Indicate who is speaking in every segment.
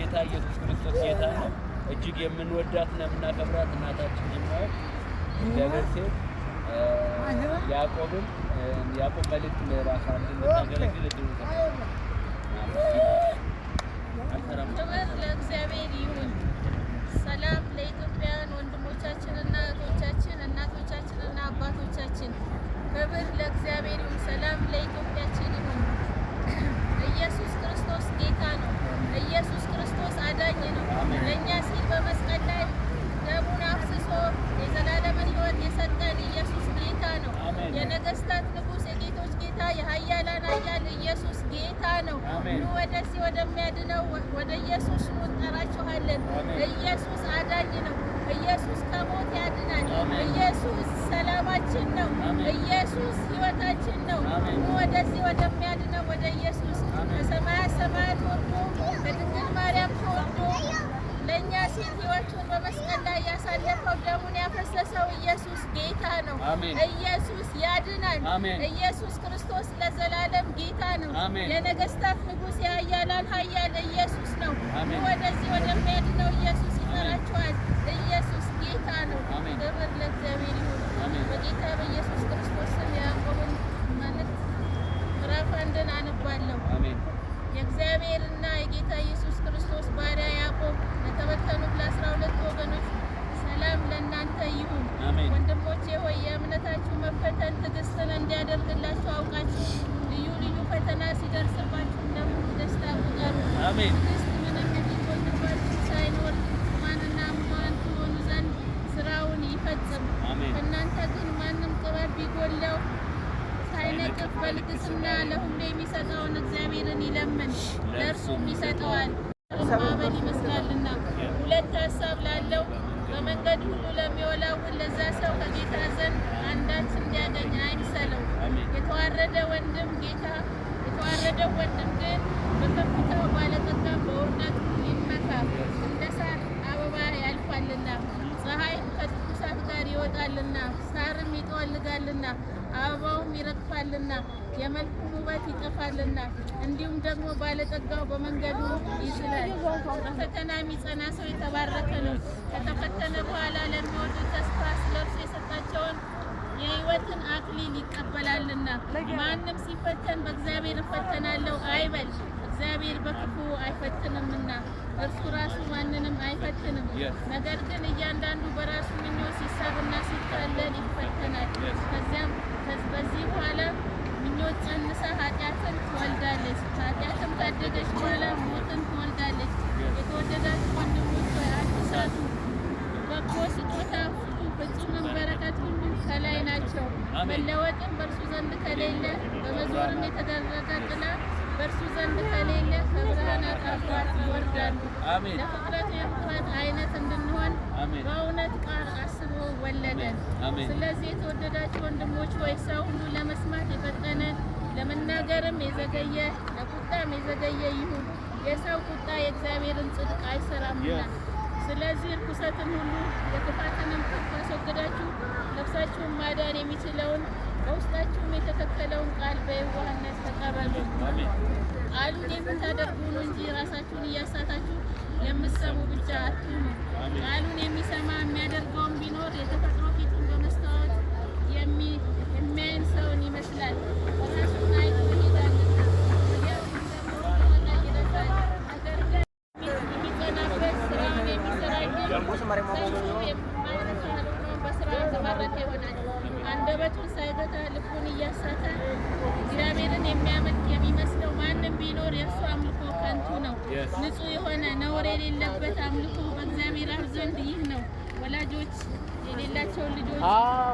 Speaker 1: ጌታ ኢየሱስ ክርስቶስ ጌታ ነው። እጅግ የምንወዳትና የምናከብራት እናታችን የማወቅ ያዕቆብን ያዕቆብ መልእክት ምዕራፍ አንድ እንድታገለግል
Speaker 2: እድሉ ለእግዚአብሔር ይሁን ሰላም ኑ ወደዚህ ወደሚያድነው ወደ ኢየሱስ ኑ እንጠራችኋለን። ኢየሱስ አዳኝ ነው። ኢየሱስ ከሞት ያድናል። ኢየሱስ ሰላማችን ነው። ኢየሱስ ሕይወታችን ነው። ወደዚህ ወደሚያድነው ወደ ኢየሱስ ከሰማያ ሰማያት ወርዶ ከድንግል ማርያም ተወልዶ ለእኛ ሲል ሕይወቱን በመስቀል ኢየሱስ ያድናል። ኢየሱስ ክርስቶስ ለዘላለም ጌታ ነው። የነገስታት ንጉሥ የኃያላን ኃያል ኢየሱስ ነው። ወደዚህ ወደሚያድነው ኢየሱስ ይመራችኋል። ኢየሱስ ጌታ ነው። ክብር ለእግዚአብሔር ይሁን። የሚደርስባችሁ እንደሁሉ ደስታ ቁጠሩ። ትዕግስት መለከት ይጎልባችሁ ሳይኖር ማንና ማን ዘንድ ስራውን ይፈጽም። ከእናንተ ግን ማንም ጥበብ ቢጎለው ሳይነቅፍ በልግስና ለሁሉ የሚሰጠውን እግዚአብሔርን ይለምን፣ ለእርሱም ይሰጠዋል። ማመን ይመስላልና ሁለት ሀሳብ ላለው በመንገድ ሁሉ ለሚወላውል ለዛ ሰው ከጌታ ዘንድ ይጠፋልና አበባውም ይረግፋልና የመልኩም ውበት ይጠፋልና እንዲሁም ደግሞ ባለጠጋው በመንገዱ ይዝላል። በፈተና የሚጸና ሰው የተባረከ ነው። ከተፈተነ በኋላ ለሚወዱ ተስፋ ስለርሱ የሰጣቸውን የህይወትን አክሊል ይቀበላልና። ማንም ሲፈተን በእግዚአብሔር እፈተናለሁ አይበል፣ እግዚአብሔር በክፉ አይፈትንምና። እርሱ ራሱ ማንንም አይፈትንም። ነገር ግን እያንዳንዱ በራሱ ምኞት ሲሳብና ሲታለል ይፈተናል። ከዚያም በዚህ በኋላ ምኞት ጸንሳ ኃጢአትን ትወልዳለች። ኃጢአትም ታደገች በኋላ ሞትን ትወልዳለች። የተወደዳችሁ ወንድሞች አትሳቱ። በጎ ስጦታ ሁሉ ፍጹምም በረከት ሁሉ ከላይ ናቸው፣ መለወጥም በእርሱ ዘንድ ከሌለ በመዞርም የተደረገ ጥላ በእርሱ ዘንድ ከሌለ ከብርሃነ ጠፍራት ይወርዳሉ። ለፍጥረት የምትወድ አይነት እንድንሆን በእውነት ቃል አስቦ ወለደን። ስለዚህ የተወደዳችሁ ወንድሞች ሆይ ሰው ሁሉ ለመስማት የፈጠነ ለመናገርም የዘገየ ለቁጣም የዘገየ ይሁን። የሰው ቁጣ የእግዚአብሔርን ጽድቅ አይሰራምና። ስለዚህ ርኩሰትን ሁሉ የክፋትንም ክፍ አስወግዳችሁ ነፍሳችሁን ማዳን የሚችለውን በውስጣችሁም የተተከለውን ቃል በይዋ ቃሉን የምታደርጉ ነው እንጂ ራሳችሁን እያሳታችሁ የምትሰሙ ብቻ አትሁኑ። ቃሉን የሚሰማ የሚያደርገውን ቢኖር የተፈጥሮ ፊቱን በመስታወት የሚያይን ሰውን ይመስላል። ራሱን አይቶ ይሄዳል፣ የተባረከ ይሆናል። አንደበቱን ሳይገታ ነውር የእርሱ አምልኮ ከንቱ ነው። ንጹሕ የሆነ ነውር የሌለበት አምልኮ በእግዚአብሔር አብ ዘንድ ይህ ነው። ወላጆች የሌላቸውን ልጆች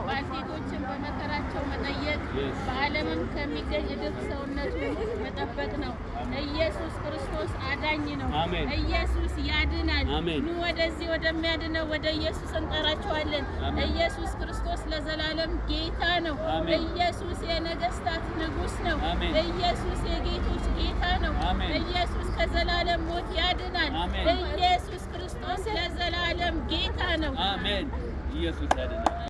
Speaker 2: ባልቴቶችን በመከራቸው መጠየቅ በዓለምም ከሚገኝ እድፍ ሰውነቱ መጠበቅ ነው። ኢየሱስ ክርስቶስ አዳኝ ነው። ኢየሱስ ያድናል። ኑ ወደዚህ ወደሚያድነው ወደ ኢየሱስ እንጠራቸዋለን። ኢየሱስ ክርስቶስ ለዘላለም ጌታ ነው። ኢየሱስ የነገስታት ንጉሥ ነው። ኢየሱስ የጌታ ኢየሱስ ከዘላለም ሞት ያድናል። ኢየሱስ ክርስቶስ የዘላለም ጌታ ነው። አሜን። ኢየሱስ ያድናል።